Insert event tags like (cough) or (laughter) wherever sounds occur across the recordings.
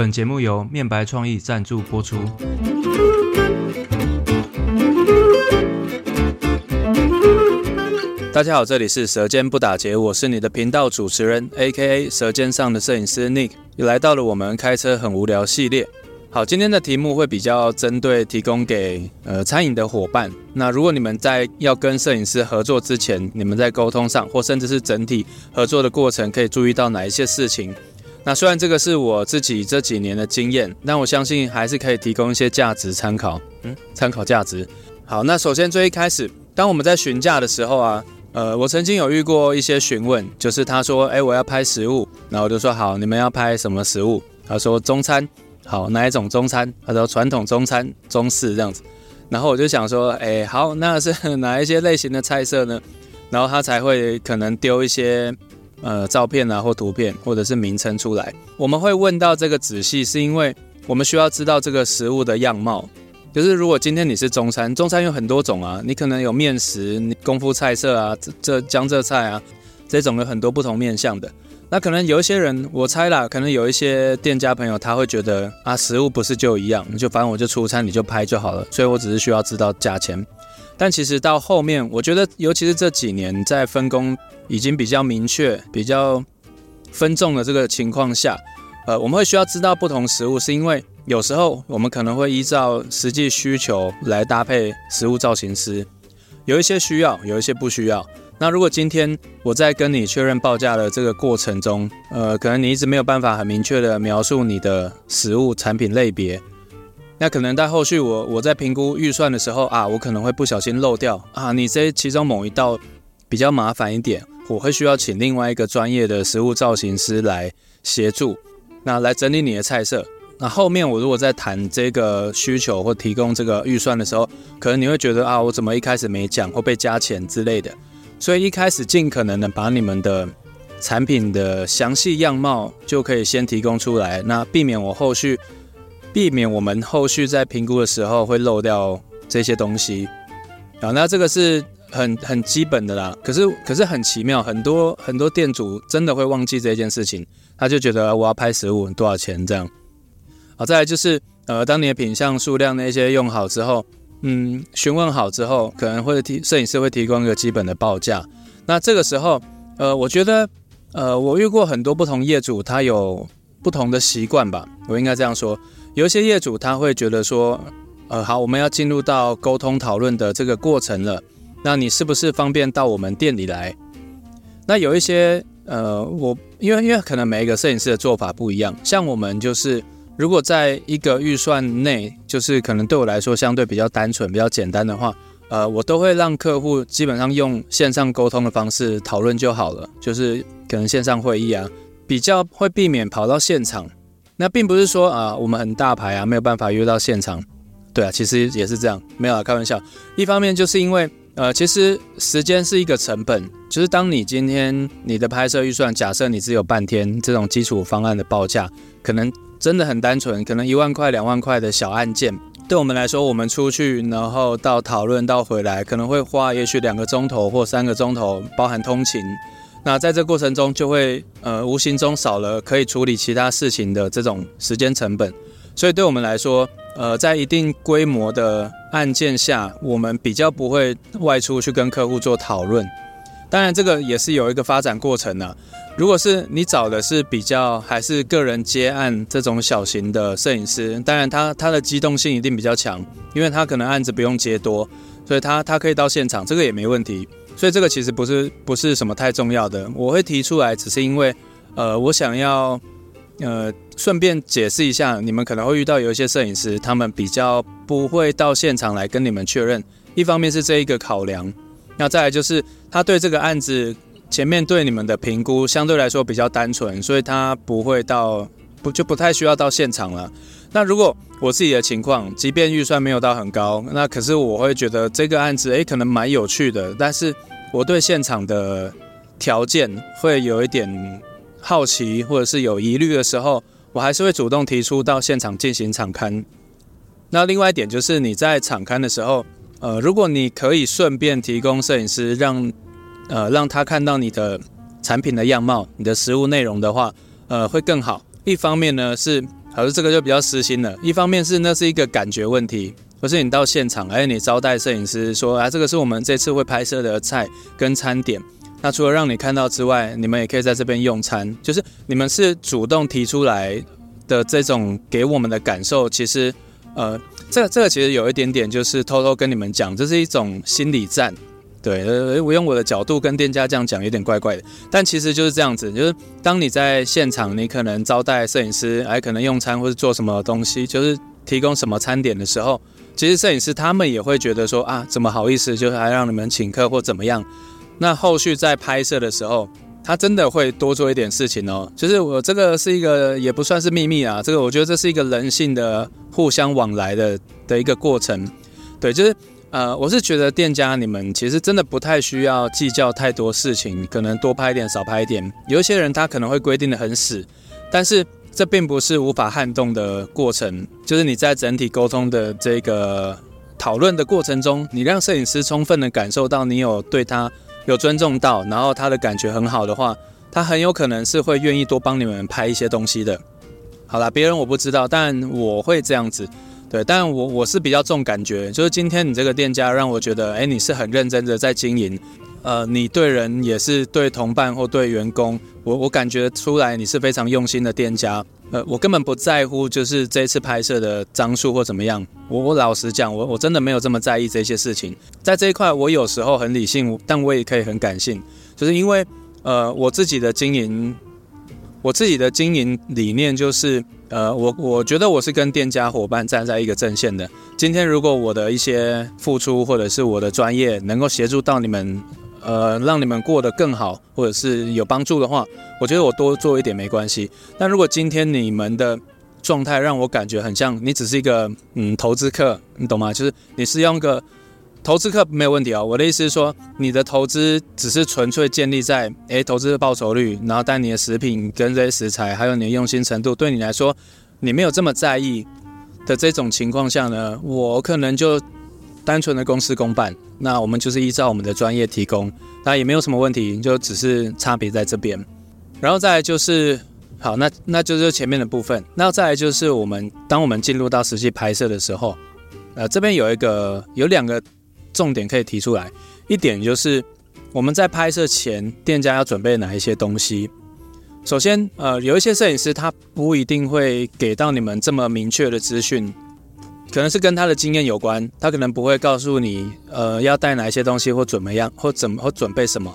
本節目由面白創意贊助播出。大家好，這裡是《舌尖不打結》，我是你的頻道主持人，A.K.A. 舌尖上的攝影師 Nick，也來到了我們開車很無聊系列。好，今天的題目會比較針對提供給呃餐飲的夥伴。那如果你們在要跟攝影師合作之前，你們在溝通上或甚至是整體合作的過程，可以注意到哪一些事情？那雖然這個是我自己這幾年的經驗，但我相信還是可以提供一些價值參考，嗯，參考價值。好，那首先最一開始，當我們在詢價的時候啊，呃，我曾經有遇過一些詢問，就是他說，誒、欸，我要拍食物，然後我就說，好，你們要拍什麼食物？他說中餐，好，哪一種中餐？他說傳統中餐，中式這樣子。然後我就想說，誒、欸，好，那是哪一些類型的菜色呢？然後他才會可能丟一些。呃，照片啊，或圖片，或者是名稱出來，我們會問到這個仔細，是因為我們需要知道這個食物的樣貌。就是如果今天你是中餐，中餐有很多種啊，你可能有麵食、你功夫菜色啊，這江浙菜啊，這種有很多不同面向的。那可能有一些人，我猜啦，可能有一些店家朋友他會覺得啊，食物不是就一樣，你就反正我就出餐，你就拍就好了，所以我只是需要知道價錢。但其實到後面，我覺得，尤其是這幾年，在分工已經比較明確、比較分眾的這個情況下，呃，我們會需要知道不同食物，是因為有時候我們可能會依照實際需求來搭配食物造型師，有一些需要，有一些不需要。那如果今天我在跟你確認報價的這個過程中，呃，可能你一直沒有辦法很明確地描述你的食物產品類別。那可能在後續我我在評估預算的時候啊，我可能會不小心漏掉啊，你這其中某一道比較麻煩一點，我會需要請另外一個專業的食物造型師來協助，那來整理你的菜色。那後面我如果在談這個需求或提供這個預算的時候，可能你會覺得啊，我怎麼一開始沒講或被加錢之類的，所以一開始盡可能的把你們的產品的詳細樣貌就可以先提供出來，那避免我後續。避免我們後續在評估的時候會漏掉這些東西啊，那這個是很很基本的啦。可是可是很奇妙，很多很多店主真的會忘記這件事情，他就覺得我要拍實物多少錢這樣。好、啊，再來就是呃，當你的品項數量那些用好之後，嗯，詢問好之後，可能會提攝影師會提供一個基本的報價。那這個時候呃，我覺得呃，我遇過很多不同業主，他有不同的習慣吧，我應該這樣說。有一些業主他會覺得說，呃，好，我們要進入到溝通討論的這個過程了，那你是不是方便到我們店裡來？那有一些，呃，我因為因為可能每一個攝影師的做法不一樣，像我們就是如果在一個預算內，就是可能對我來說相對比較單純、比較簡單的話，呃，我都會讓客戶基本上用線上溝通的方式討論就好了，就是可能線上會議啊，比較會避免跑到現場。那並不是說啊，呃，我們很大牌啊，沒有辦法約到現場。對啊，其實也是這樣，沒有啊，開玩笑。一方面就是因為，呃，其實時間是一個成本，就是當你今天你的拍攝預算，假設你只有半天，這種基礎方案的報價，可能真的很單純，可能一萬塊、兩萬塊的小案件，對我們來說，我們出去然後到討論到回來，可能會花也許兩個鐘頭或三個鐘頭，包含通勤。那在這過程中就會呃無形中少了可以處理其他事情的這種時間成本，所以對我們來說，呃，在一定規模的案件下，我們比較不會外出去跟客戶做討論。當然，這個也是有一個發展過程的啊。如果是你找的是比較還是個人接案這種小型的攝影師，當然他他的機動性一定比較強，因為他可能案子不用接多，所以他他可以到現場，這個也沒問題。所以這個其實不是不是什麼太重要的，我會提出來，只是因為，呃，我想要，呃，順便解釋一下，你們可能會遇到有一些攝影師，他們比較不會到現場來跟你們確認，一方面是這一個考量，那再來就是他對這個案子前面對你們的評估相對來說比較單純，所以他不會到，不就不太需要到現場了。那如果我自己的情況，即便預算沒有到很高，那可是我會覺得這個案子誒、欸、可能蠻有趣的，但是我對現場的條件會有一點好奇或者是有疑慮的時候，我還是會主動提出到現場進行場勘。那另外一點就是你在場勘的時候，呃，如果你可以順便提供攝影師讓，讓呃讓他看到你的產品的樣貌、你的食物內容的話，呃，會更好。一方面呢是。好像這個就比較私心了，一方面是那是一個感覺問題，或、就是你到現場，而且你招待攝影師說啊，這個是我們這次會拍攝的菜跟餐點，那除了讓你看到之外，你們也可以在這邊用餐，就是你們是主動提出來的這種給我們的感受，其實，呃，這個、這個其實有一點點，就是偷偷跟你們講，這是一種心理戰。對，呃，我用我的角度跟店家這樣講，有點怪怪的。但其實就是這樣子，就是當你在現場，你可能招待攝影師，還可能用餐或者做什麼東西，就是提供什麼餐點的時候，其實攝影師他們也會覺得說啊，怎麼好意思，就是還讓你們請客或怎麼樣。那後續在拍攝的時候，他真的會多做一點事情哦。就是我這個是一個也不算是秘密啊，這個我覺得這是一個人性的互相往來的的一個過程。對，就是。呃，我是覺得店家你們其實真的不太需要計較太多事情，可能多拍一點，少拍一點。有一些人他可能會規定的很死，但是這並不是無法撼動的過程。就是你在整體溝通的這個討論的過程中，你讓攝影師充分的感受到你有對他有尊重到，然後他的感覺很好的話，他很有可能是會願意多幫你們拍一些東西的。好啦，別人我不知道，但我會這樣子。對，但我我是比較重感覺，就是今天你這個店家讓我覺得，哎，你是很認真的在經營，呃，你對人也是對同伴或對員工，我我感覺出來你是非常用心的店家，呃，我根本不在乎就是這次拍攝的張數或怎麼樣，我我老實講，我我真的沒有這麼在意這些事情，在這一塊我有時候很理性，但我也可以很感性，就是因為呃我自己的經營。我自己的經營理念就是，呃，我我覺得我是跟店家夥伴站在一個陣線的。今天如果我的一些付出或者是我的專業能夠協助到你們，呃，讓你們過得更好，或者是有幫助的話，我覺得我多做一點沒關係。但如果今天你們的狀態讓我感覺很像你只是一個，嗯，投資客，你懂嗎？就是你是用個。投資客沒有問題啊、喔，我的意思是說，你的投資只是純粹建立在誒、欸、投資的報酬率，然後但你的食品跟這些食材，還有你的用心程度，對你來說你沒有這麼在意的這種情況下呢，我可能就單純的公事公辦，那我們就是依照我們的專業提供，那也沒有什麼問題，就只是差別在這邊。然後再來就是好，那那就是前面的部分，那再來就是我們當我們進入到實際拍攝的時候，呃，這邊有一個有兩個。重點可以提出來一點，就是我們在拍攝前，店家要準備哪一些東西。首先，呃，有一些攝影師他不一定會給到你們這麼明確的資訊，可能是跟他的經驗有關，他可能不會告訴你，呃，要帶哪一些東西或怎麼樣或怎麼或準備什麼。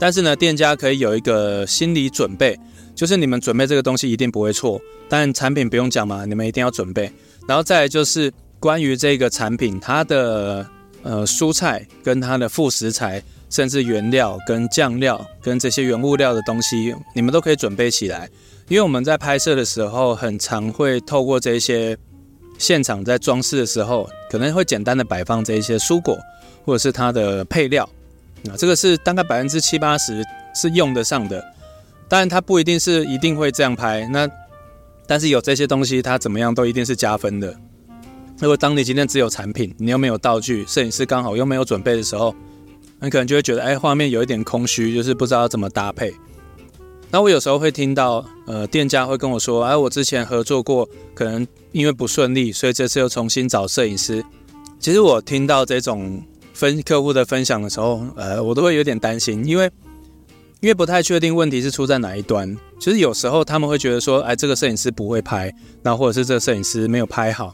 但是呢，店家可以有一個心理準備，就是你們準備這個東西一定不會錯，但產品不用講嘛，你們一定要準備。然後再來就是關於這個產品它的。呃，蔬菜跟它的副食材，甚至原料跟醬料跟這些原物料的東西，你們都可以準備起來。因為我們在拍攝的時候，很常會透過這些現場在裝飾的時候，可能會簡單的擺放這一些蔬果或者是它的配料。那、啊、這個是大概百分之七八十是用得上的。當然，它不一定是一定會這樣拍，那但是有這些東西，它怎麼樣都一定是加分的。如果當你今天只有產品，你又沒有道具，攝影師剛好又沒有準備的時候，你可能就會覺得，哎，畫面有一點空虛，就是不知道要怎麼搭配。那我有時候會聽到，呃，店家會跟我說，哎，我之前合作過，可能因為不順利，所以這次又重新找攝影師。其實我聽到這種分客戶的分享的時候，呃，我都會有點擔心，因為因為不太確定問題是出在哪一端。其實有時候他們會覺得說，哎，這個攝影師不會拍，然後或者是這個攝影師沒有拍好。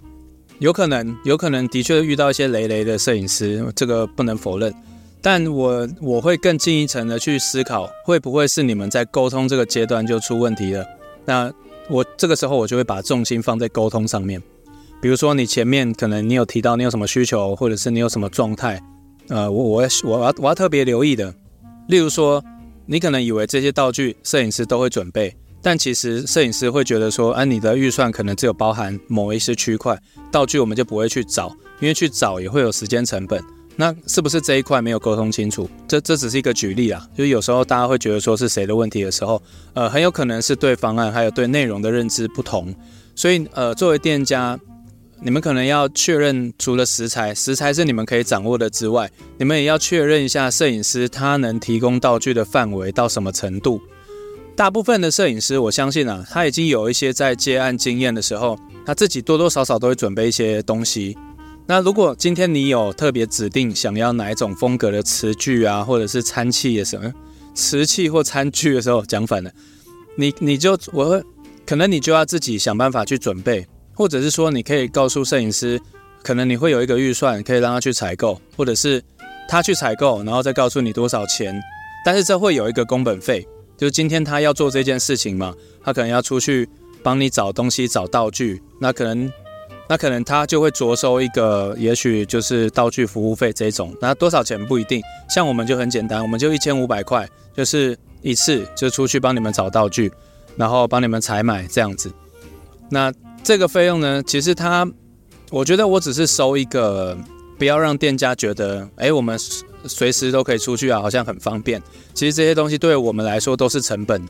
有可能，有可能的確遇到一些雷雷的攝影師，這個不能否認。但我我會更進一層的去思考，會不會是你們在溝通這個階段就出問題了？那我這個時候我就會把重心放在溝通上面。比如說，你前面可能你有提到你有什麼需求，或者是你有什麼狀態，呃，我我，我要我要我要特別留意的。例如說，你可能以為這些道具攝影師都會準備。但其實攝影師會覺得說，哎、啊，你的預算可能只有包含某一些區塊道具，我們就不會去找，因為去找也會有時間成本。那是不是這一塊沒有溝通清楚？這這只是一個舉例啊。就有時候大家會覺得說是誰的問題的時候，呃，很有可能是對方案還有對內容的認知不同。所以呃，作為店家，你們可能要確認，除了食材，食材是你們可以掌握的之外，你們也要確認一下攝影師他能提供道具的範圍到什麼程度。大部分的攝影師，我相信啊，他已經有一些在接案經驗的時候，他自己多多少少都會準備一些東西。那如果今天你有特別指定想要哪一種風格的瓷具啊，或者是餐具的時候，瓷器或餐具的時候，講反了，你你就我會，可能你就要自己想辦法去準備，或者是說你可以告訴攝影師，可能你會有一個預算，可以讓他去採購，或者是他去採購，然後再告訴你多少錢，但是這會有一個工本費。就是今天他要做這件事情嘛，他可能要出去幫你找東西、找道具，那可能，那可能他就會着收一個，也許就是道具服務費這種，那多少錢不一定。像我們就很簡單，我們就一千五百塊，就是一次就出去幫你們找道具，然後幫你們採買這樣子。那這個費用呢，其實他，我覺得我只是收一個。不要讓店家覺得，哎、欸，我們隨時都可以出去啊，好像很方便。其實這些東西對我們來說都是成本，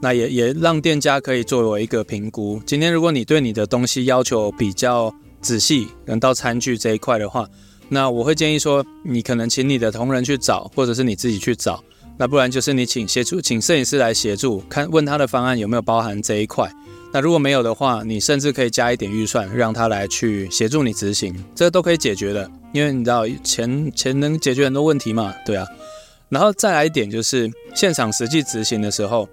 那也也讓店家可以作為一個評估。今天如果你對你的東西要求比較仔細，能到餐具這一塊的話，那我會建議說，你可能請你的同仁去找，或者是你自己去找，那不然就是你請協助，請攝影師來協助，看問他的方案有沒有包含這一塊。那如果沒有的話，你甚至可以加一點預算，讓他來去協助你執行，這都可以解決的。因為你知道錢錢能解決很多問題嘛，對啊。然後再來一點就是，現場實際執行的時候，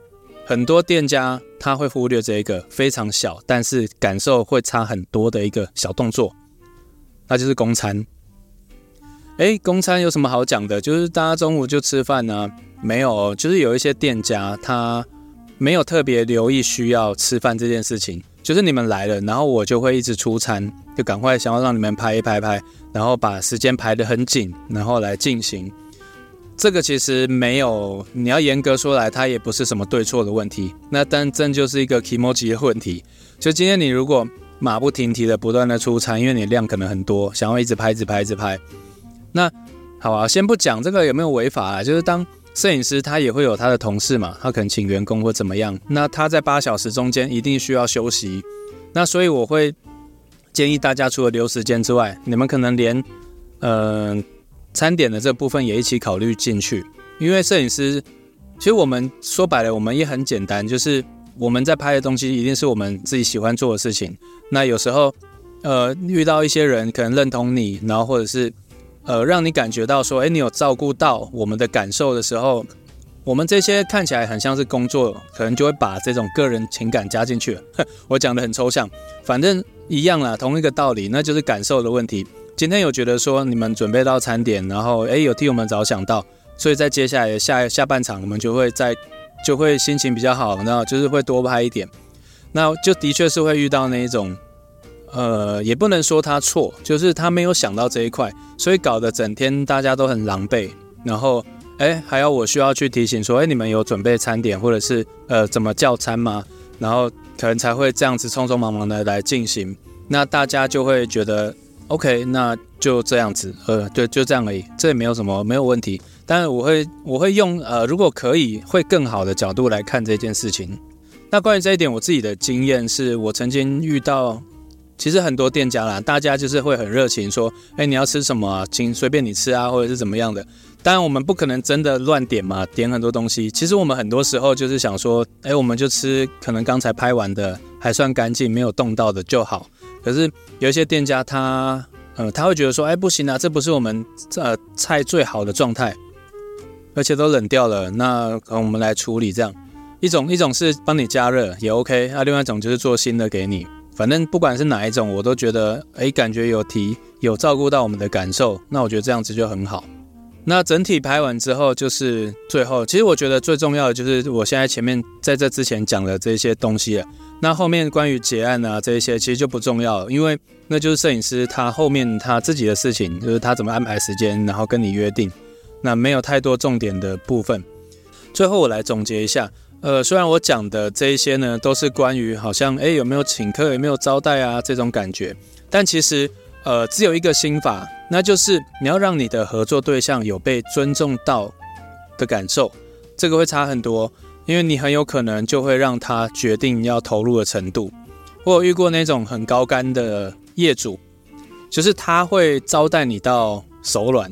很多店家他會忽略這一個非常小，但是感受會差很多的一個小動作，那就是供餐。誒，供餐有什麼好講的？就是大家中午就吃飯呢、啊，沒有，就是有一些店家他。沒有特別留意需要吃飯這件事情，就是你們來了，然後我就會一直出餐，就趕快想要讓你們拍一拍一拍，然後把時間排得很緊，然後來進行。這個其實沒有，你要嚴格說來，它也不是什麼對錯的問題。那單純就是一個気持ち的問題。就今天你如果馬不停蹄的不斷的出餐，因為你量可能很多，想要一直拍、一直拍、一直拍。那好啊，先不講這個有沒有違法啊，就是當。攝影師他也會有他的同事嘛，他可能請員工或怎麼樣，那他在八小時中間一定需要休息，那所以我會建議大家除了留時間之外，你們可能連嗯、呃、餐點的這部分也一起考慮進去，因為攝影師其實我們說白了，我們也很簡單，就是我們在拍的東西一定是我們自己喜歡做的事情，那有時候呃遇到一些人可能認同你，然後或者是。呃，讓你感覺到說，哎，你有照顧到我們的感受的時候，我們這些看起來很像是工作，可能就會把這種個人情感加進去。哼，我講得很抽象，反正一樣啦，同一個道理，那就是感受的問題。今天有覺得說，你們準備到餐點，然後誒，有替我們著想到，所以在接下來下下半場，我們就會在就會心情比較好，然後就是會多拍一點，那就的確是會遇到那一種。呃，也不能說他錯，就是他沒有想到這一塊，所以搞得整天大家都很狼狽。然後，欸，還要我需要去提醒說，欸，你們有準備餐點或者是呃怎麼叫餐嗎？然後可能才會這樣子匆匆忙忙的來進行。那大家就會覺得，OK，那就這樣子，呃，對，就這樣而已，這也沒有什麼，沒有問題。但是我會我會用呃，如果可以，會更好的角度來看這件事情。那關於這一點，我自己的經驗是我曾經遇到。其實很多店家啦，大家就是會很熱情，說：“欸，你要吃什麼啊？請隨便你吃啊，或者是怎麼樣的。”當然，我們不可能真的亂點嘛，點很多東西。其實我們很多時候就是想說：“欸，我們就吃可能剛才拍完的，還算乾淨，沒有動到的就好。”可是有一些店家他，他呃他會覺得說：“欸，不行啊，這不是我們呃菜最好的狀態，而且都冷掉了。”那我們來處理這樣一種，一種是幫你加熱也 OK，那，另外一種就是做新的給你。反正不管是哪一種，我都覺得，誒，感覺有提，有照顧到我們的感受，那我覺得這樣子就很好。那整體拍完之後，就是最後，其實我覺得最重要的就是我現在前面在這之前講的這些東西了。那後面關於結案啊這一些，其實就不重要，因為那就是攝影師他後面他自己的事情，就是他怎麼安排時間，然後跟你約定，那沒有太多重點的部分。最後我來總結一下。呃，雖然我講的這一些呢，都是關於好像哎、欸、有沒有請客，有沒有招待啊這種感覺，但其實呃只有一個心法，那就是你要讓你的合作對象有被尊重到的感受，這個會差很多，因為你很有可能就會讓他決定要投入的程度。我有遇過那種很高竿的業主，就是他會招待你到手軟，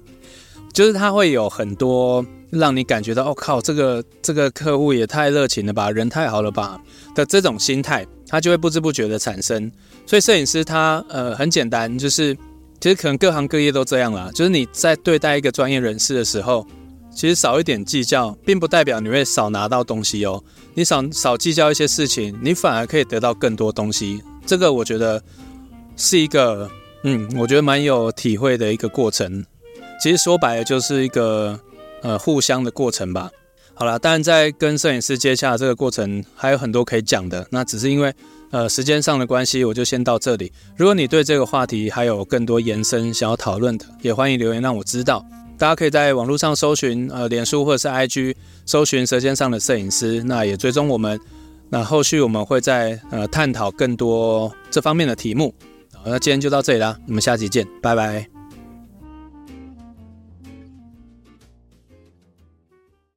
(laughs) 就是他會有很多。讓你感覺到，哦靠，這個這個客戶也太熱情了吧，人太好了吧的這種心態，他就會不知不覺的產生。所以攝影師他呃很簡單，就是其實可能各行各業都這樣啦。就是你在對待一個專業人士的時候，其實少一點計較，並不代表你會少拿到東西哦。你少少計較一些事情，你反而可以得到更多東西。這個我覺得是一個嗯，我覺得蠻有體會的一個過程。其實說白了就是一個。呃，互相的過程吧。好啦，當然在跟攝影師接洽這個過程還有很多可以講的。那只是因為呃時間上的關係，我就先到這裡。如果你對這個話題還有更多延伸想要討論的，也歡迎留言讓我知道。大家可以在網絡上搜尋呃，臉書或者是 IG 搜尋“舌尖上的攝影師”，那也追蹤我們。那後續我們會再呃探討更多這方面的題目。好，那今天就到這裡啦，我們下期見，拜拜。